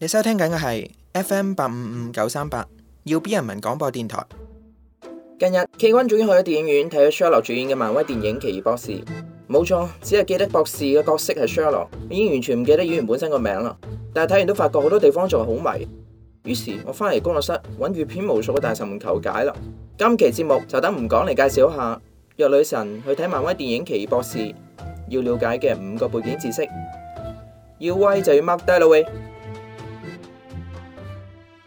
你收聽緊嘅係 F M 八五五九三八耀 B 人民廣播電台。近日，K 君終於去咗電影院睇咗 Sherlock 主演嘅漫威電影《奇異博士》。冇錯，只係記得博士嘅角色係 Sherlock，已經完全唔記得演員本身個名啦。但係睇完都發覺好多地方仲係好迷。於是，我翻嚟工作室揾閱片無數嘅大神們求解啦。今期節目就等唔講嚟介紹一下，約女神去睇漫威電影《奇異博士》，要了解嘅五個背景知識，要威就要 mark 低啦喂！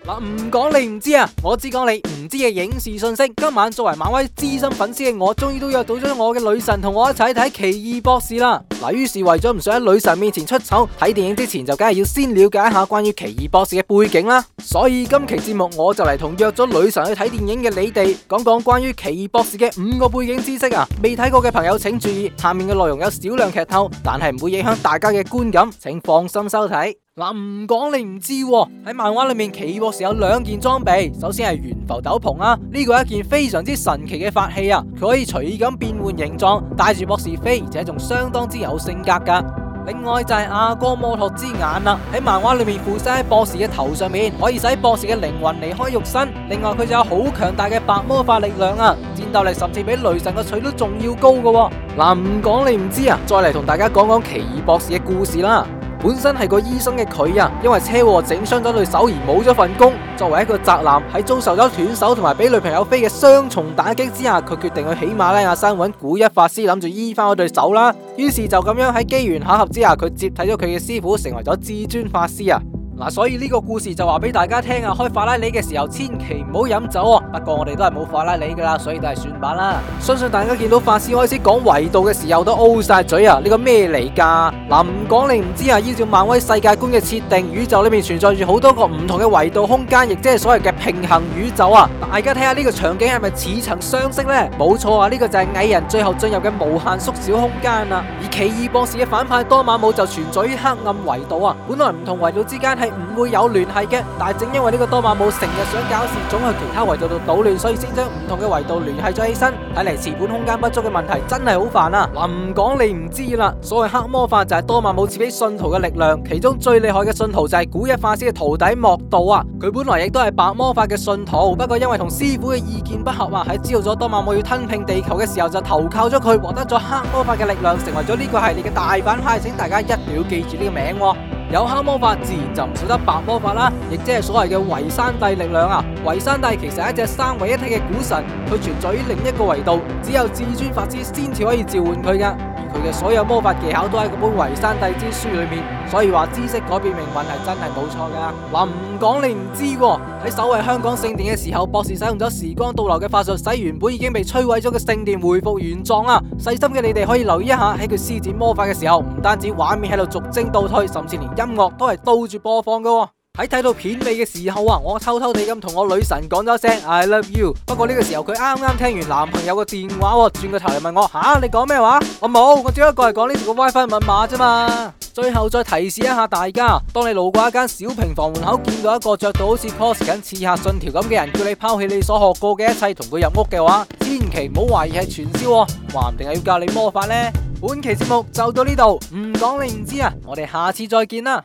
嗱，唔講你唔知啊，我只講你唔知嘅影視信息。今晚作為漫威資深粉絲嘅我，終於都約到咗我嘅女神同我一齊睇奇異博士啦。嗱，於是為咗唔想喺女神面前出醜，睇電影之前就梗係要先了解一下關於奇異博士嘅背景啦。所以今期節目我就嚟同約咗女神去睇電影嘅你哋，講講關於奇異博士嘅五個背景知識啊。未睇過嘅朋友，請注意下面嘅內容有少量劇透，但係唔會影響大家嘅觀感，請放心收睇。嗱，唔講你唔知喎，喺漫畫裏面奇異博士有兩件裝備，首先係懸浮斗篷啦，呢個係一件非常之神奇嘅法器啊，佢可以隨意咁變換形狀，帶住博士飛，而且仲相當之有性格噶。另外就係、是、阿哥摩托之眼啦，喺漫畫裏面附晒喺博士嘅頭上面，可以使博士嘅靈魂離開肉身。另外佢就有好強大嘅白魔法力量啊，戰鬥力甚至比雷神嘅錘都仲要高噶。嗱，唔講你唔知啊，再嚟同大家講講奇異博士嘅故事啦。本身係個醫生嘅佢啊，因為車禍整傷咗對手而冇咗份工。作為一個宅男，喺遭受咗斷手同埋俾女朋友飛嘅雙重打擊之下，佢決定去喜馬拉雅山搵古一法師諗住醫翻嗰對手啦。於是就咁樣喺機緣巧合之下，佢接替咗佢嘅師傅，成為咗至尊法師啊！嗱，所以呢個故事就話俾大家聽啊，開法拉利嘅時候千祈唔好飲酒啊。不過我哋都係冇法拉利噶啦，所以都係算罷啦。相信大家見到法師開始講維度嘅時候都 O 晒嘴啊，呢個咩嚟噶？嗱，唔講你唔知啊。依照漫威世界觀嘅設定，宇宙裏面存在住好多個唔同嘅維度空間，亦即係所謂嘅平行宇宙啊。大家睇下呢個場景係咪似曾相識呢？冇錯啊，呢個就係蟻人最後進入嘅無限縮小空間啊。而奇異博士嘅反派多瑪姆就存在於黑暗維度啊。本來唔同維度之間係唔會有聯繫嘅，但係正因為呢個多瑪姆成日想搞事，總去其他維度度搗亂，所以先將唔同嘅維度聯繫咗起身。睇嚟磁盤空間不足嘅問題真係好煩啊！嗱、啊，唔講你唔知啦。所謂黑魔法就係多瑪姆自己信徒嘅力量，其中最厲害嘅信徒就係古一法師嘅徒弟莫道啊。佢本來亦都係白魔法嘅信徒，不過因為同師傅嘅意見不合啊，喺知道咗多瑪姆要吞併地球嘅時候就投靠咗佢，獲得咗黑魔法嘅力量，成為咗呢個系列嘅大反派，請大家一秒記住呢個名。有黑魔法，自然就唔少得白魔法啦，亦即係所謂嘅維山帝力量啊。維山帝其實係一隻三位一體嘅古神，佢存在於另一個維度，只有至尊法師先至可以召喚佢㗎。佢嘅所有魔法技巧都喺嗰本《維山帝之書》裏面，所以話知識改變命運係真係冇錯㗎。話唔講你唔知喎。喺守衛香港聖殿嘅時候，博士使用咗時光倒流嘅法術，使原本已經被摧毀咗嘅聖殿回復原狀啊！細心嘅你哋可以留意一下，喺佢施展魔法嘅時候，唔單止畫面喺度逐幀倒退，甚至連音樂都係倒住播放㗎。喺睇到片尾嘅時候啊，我偷偷地咁同我女神講咗聲 I love you。不過呢個時候佢啱啱聽完男朋友嘅電話，轉個頭嚟問我：吓，你講咩話？我、啊、冇，我只不過係講呢條嘅 WiFi 密碼啫嘛。最後再提示一下大家：當你路過一間小平房門口，見到一個着到好似 cos 緊刺客信條咁嘅人，叫你拋棄你所學過嘅一切同佢入屋嘅話，千祈唔好懷疑係傳銷，話唔定係要教你魔法呢。本期節目就到呢度，唔講你唔知啊！我哋下次再見啦。